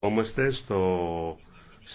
Είμαστε στο